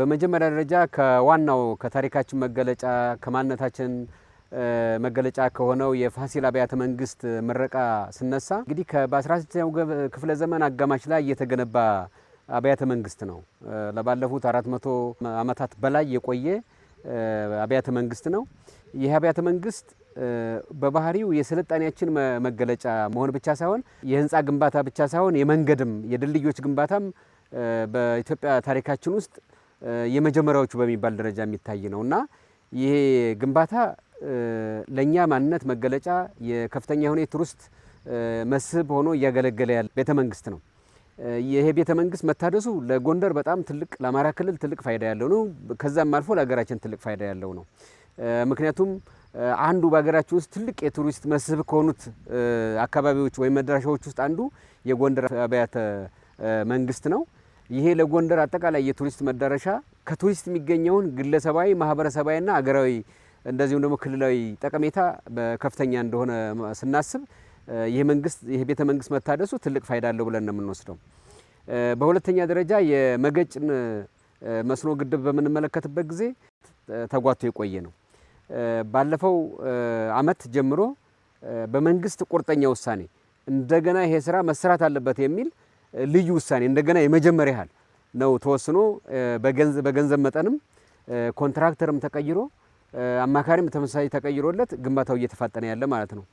በመጀመሪያ ደረጃ ከዋናው ከታሪካችን መገለጫ ከማንነታችን መገለጫ ከሆነው የፋሲል አብያተ መንግስት ምረቃ ስነሳ እንግዲህ በ19ኛው ክፍለ ዘመን አጋማሽ ላይ እየተገነባ አብያተ መንግስት ነው። ለባለፉት 400 ዓመታት በላይ የቆየ አብያተ መንግስት ነው። ይህ አብያተ መንግስት በባህሪው የስልጣኔያችን መገለጫ መሆን ብቻ ሳይሆን የህንፃ ግንባታ ብቻ ሳይሆን የመንገድም የድልድዮች ግንባታም በኢትዮጵያ ታሪካችን ውስጥ የመጀመሪያዎቹ በሚባል ደረጃ የሚታይ ነው እና ይሄ ግንባታ ለእኛ ማንነት መገለጫ የከፍተኛ የሆነ የቱሪስት መስህብ ሆኖ እያገለገለ ያለ ቤተ መንግስት ነው። ይሄ ቤተ መንግስት መታደሱ ለጎንደር በጣም ትልቅ፣ ለአማራ ክልል ትልቅ ፋይዳ ያለው ነው። ከዛም አልፎ ለሀገራችን ትልቅ ፋይዳ ያለው ነው። ምክንያቱም አንዱ በሀገራችን ውስጥ ትልቅ የቱሪስት መስህብ ከሆኑት አካባቢዎች ወይም መድረሻዎች ውስጥ አንዱ የጎንደር አብያተ መንግስት ነው። ይሄ ለጎንደር አጠቃላይ የቱሪስት መዳረሻ ከቱሪስት የሚገኘውን ግለሰባዊ፣ ማህበረሰባዊና አገራዊ እንደዚሁም ደግሞ ክልላዊ ጠቀሜታ በከፍተኛ እንደሆነ ስናስብ ይህ መንግስት ይህ ቤተ መንግስት መታደሱ ትልቅ ፋይዳ አለው ብለን ነው የምንወስደው። በሁለተኛ ደረጃ የመገጭን መስኖ ግድብ በምንመለከትበት ጊዜ ተጓቶ የቆየ ነው። ባለፈው አመት ጀምሮ በመንግስት ቁርጠኛ ውሳኔ እንደገና ይሄ ስራ መሰራት አለበት የሚል ልዩ ውሳኔ እንደገና የመጀመሪያ ያህል ነው ተወስኖ በገንዘብ መጠንም ኮንትራክተርም ተቀይሮ አማካሪም ተመሳሳይ ተቀይሮለት ግንባታው እየተፋጠነ ያለ ማለት ነው።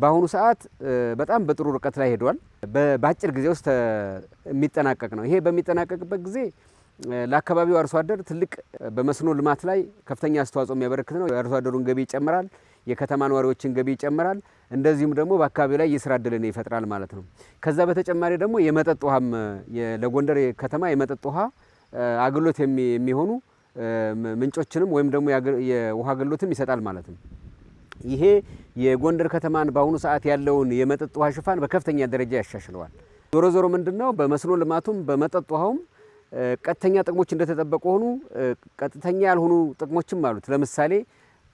በአሁኑ ሰዓት በጣም በጥሩ ርቀት ላይ ሄዷል። በአጭር ጊዜ ውስጥ የሚጠናቀቅ ነው። ይሄ በሚጠናቀቅበት ጊዜ ለአካባቢው አርሶ አደር ትልቅ በመስኖ ልማት ላይ ከፍተኛ አስተዋጽኦ የሚያበረክት ነው። የአርሶ አደሩን ገቢ ይጨምራል። የከተማ ነዋሪዎችን ገቢ ይጨምራል። እንደዚሁም ደግሞ በአካባቢው ላይ የስራ እድልን ይፈጥራል ማለት ነው። ከዛ በተጨማሪ ደግሞ የመጠጥ ውሃም ለጎንደር ከተማ የመጠጥ ውሃ አገልግሎት የሚሆኑ ምንጮችንም ወይም ደግሞ የውሃ አገልግሎትም ይሰጣል ማለት ነው። ይሄ የጎንደር ከተማን በአሁኑ ሰዓት ያለውን የመጠጥ ውሃ ሽፋን በከፍተኛ ደረጃ ያሻሽለዋል። ዞሮ ዞሮ ምንድን ነው በመስኖ ልማቱም በመጠጥ ውሃውም ቀጥተኛ ጥቅሞች እንደተጠበቁ ሆኑ ቀጥተኛ ያልሆኑ ጥቅሞችም አሉት። ለምሳሌ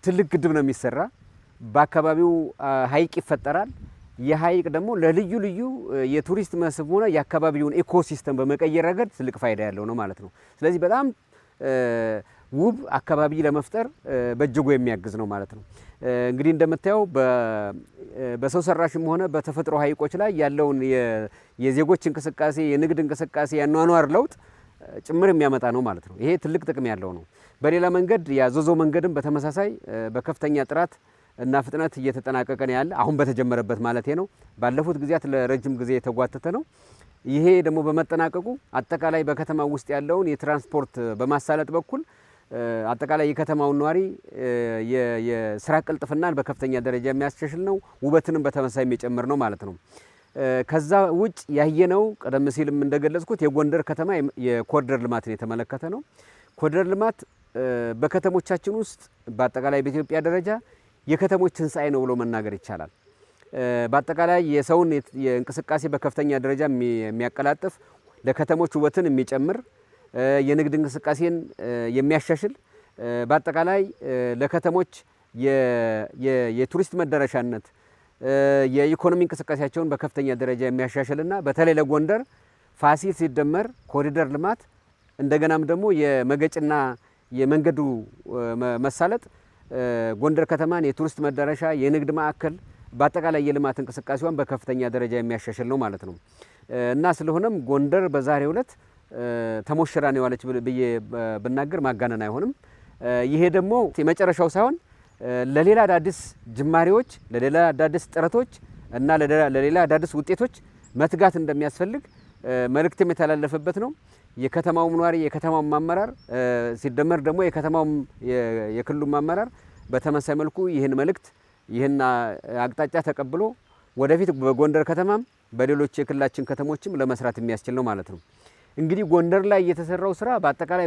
ትልቅ ግድብ ነው የሚሰራ በአካባቢው ሀይቅ ይፈጠራል። ይህ ሀይቅ ደግሞ ለልዩ ልዩ የቱሪስት መስህብ ሆነ የአካባቢውን ኢኮሲስተም በመቀየር ረገድ ትልቅ ፋይዳ ያለው ነው ማለት ነው። ስለዚህ በጣም ውብ አካባቢ ለመፍጠር በእጅጉ የሚያግዝ ነው ማለት ነው። እንግዲህ እንደምታየው በሰው ሰራሽም ሆነ በተፈጥሮ ሀይቆች ላይ ያለውን የዜጎች እንቅስቃሴ፣ የንግድ እንቅስቃሴ፣ የአኗኗር ለውጥ ጭምር የሚያመጣ ነው ማለት ነው። ይሄ ትልቅ ጥቅም ያለው ነው። በሌላ መንገድ የአዞዞ መንገድም በተመሳሳይ በከፍተኛ ጥራት እና ፍጥነት እየተጠናቀቀ ነው ያለ አሁን በተጀመረበት ማለት ነው። ባለፉት ጊዜያት ለረጅም ጊዜ የተጓተተ ነው። ይሄ ደግሞ በመጠናቀቁ አጠቃላይ በከተማ ውስጥ ያለውን የትራንስፖርት በማሳለጥ በኩል አጠቃላይ የከተማውን ነዋሪ የስራ ቅልጥፍናን በከፍተኛ ደረጃ የሚያስሻሽል ነው። ውበትንም በተመሳይ የሚጨምር ነው ማለት ነው። ከዛ ውጭ ያየነው ቀደም ሲልም እንደገለጽኩት የጎንደር ከተማ የኮሪደር ልማትን የተመለከተ ነው። ኮሪደር ልማት በከተሞቻችን ውስጥ በአጠቃላይ በኢትዮጵያ ደረጃ የከተሞች ትንሣኤ ነው ብሎ መናገር ይቻላል። በአጠቃላይ የሰውን የእንቅስቃሴ በከፍተኛ ደረጃ የሚያቀላጥፍ ለከተሞች ውበትን የሚጨምር የንግድ እንቅስቃሴን የሚያሻሽል በአጠቃላይ ለከተሞች የቱሪስት መዳረሻነት የኢኮኖሚ እንቅስቃሴያቸውን በከፍተኛ ደረጃ የሚያሻሽልና በተለይ ለጎንደር ፋሲል ሲደመር ኮሪደር ልማት እንደገናም ደግሞ የመገጭና የመንገዱ መሳለጥ ጎንደር ከተማን የቱሪስት መዳረሻ፣ የንግድ ማዕከል፣ በአጠቃላይ የልማት እንቅስቃሴዋን በከፍተኛ ደረጃ የሚያሻሽል ነው ማለት ነው እና ስለሆነም ጎንደር በዛሬው ዕለት ተሞሽራ ነው የዋለች ብዬ ብናገር ማጋነን አይሆንም። ይሄ ደግሞ የመጨረሻው ሳይሆን ለሌላ አዳዲስ ጅማሬዎች፣ ለሌላ አዳዲስ ጥረቶች እና ለሌላ አዳዲስ ውጤቶች መትጋት እንደሚያስፈልግ መልእክትም የተላለፈበት ነው። የከተማውም ኗሪ የከተማውም አመራር ሲደመር ደግሞ የከተማውም የክልሉም አመራር በተመሳይ መልኩ ይህን መልእክት ይህን አቅጣጫ ተቀብሎ ወደፊት በጎንደር ከተማም በሌሎች የክልላችን ከተሞችም ለመስራት የሚያስችል ነው ማለት ነው። እንግዲህ ጎንደር ላይ የተሰራው ስራ በአጠቃላይ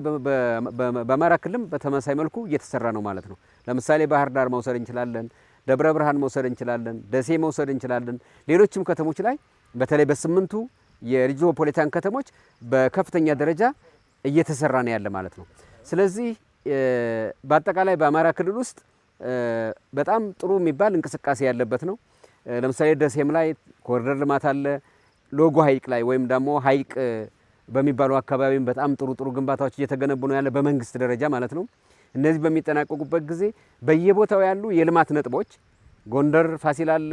በአማራ ክልልም በተመሳይ መልኩ እየተሰራ ነው ማለት ነው። ለምሳሌ ባህር ዳር መውሰድ እንችላለን፣ ደብረ ብርሃን መውሰድ እንችላለን፣ ደሴ መውሰድ እንችላለን። ሌሎችም ከተሞች ላይ በተለይ በስምንቱ የሪጅኖፖሊታን ከተሞች በከፍተኛ ደረጃ እየተሰራ ነው ያለ ማለት ነው። ስለዚህ በአጠቃላይ በአማራ ክልል ውስጥ በጣም ጥሩ የሚባል እንቅስቃሴ ያለበት ነው። ለምሳሌ ደሴም ላይ ኮሪደር ልማት አለ። ሎጎ ሀይቅ ላይ ወይም ደግሞ ሀይቅ በሚባሉ አካባቢም በጣም ጥሩ ጥሩ ግንባታዎች እየተገነቡ ነው ያለ በመንግስት ደረጃ ማለት ነው። እነዚህ በሚጠናቀቁበት ጊዜ በየቦታው ያሉ የልማት ነጥቦች ጎንደር ፋሲል አለ፣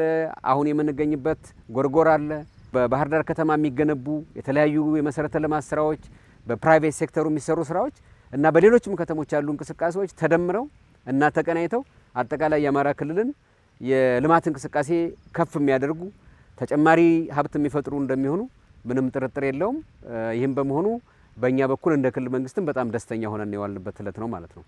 አሁን የምንገኝበት ጎርጎር አለ በባህር ዳር ከተማ የሚገነቡ የተለያዩ የመሰረተ ልማት ስራዎች፣ በፕራይቬት ሴክተሩ የሚሰሩ ስራዎች እና በሌሎችም ከተሞች ያሉ እንቅስቃሴዎች ተደምረው እና ተቀናይተው አጠቃላይ የአማራ ክልልን የልማት እንቅስቃሴ ከፍ የሚያደርጉ ተጨማሪ ሀብት የሚፈጥሩ እንደሚሆኑ ምንም ጥርጥር የለውም። ይህም በመሆኑ በእኛ በኩል እንደ ክልል መንግስትም በጣም ደስተኛ ሆነን የዋልንበት እለት ነው ማለት ነው።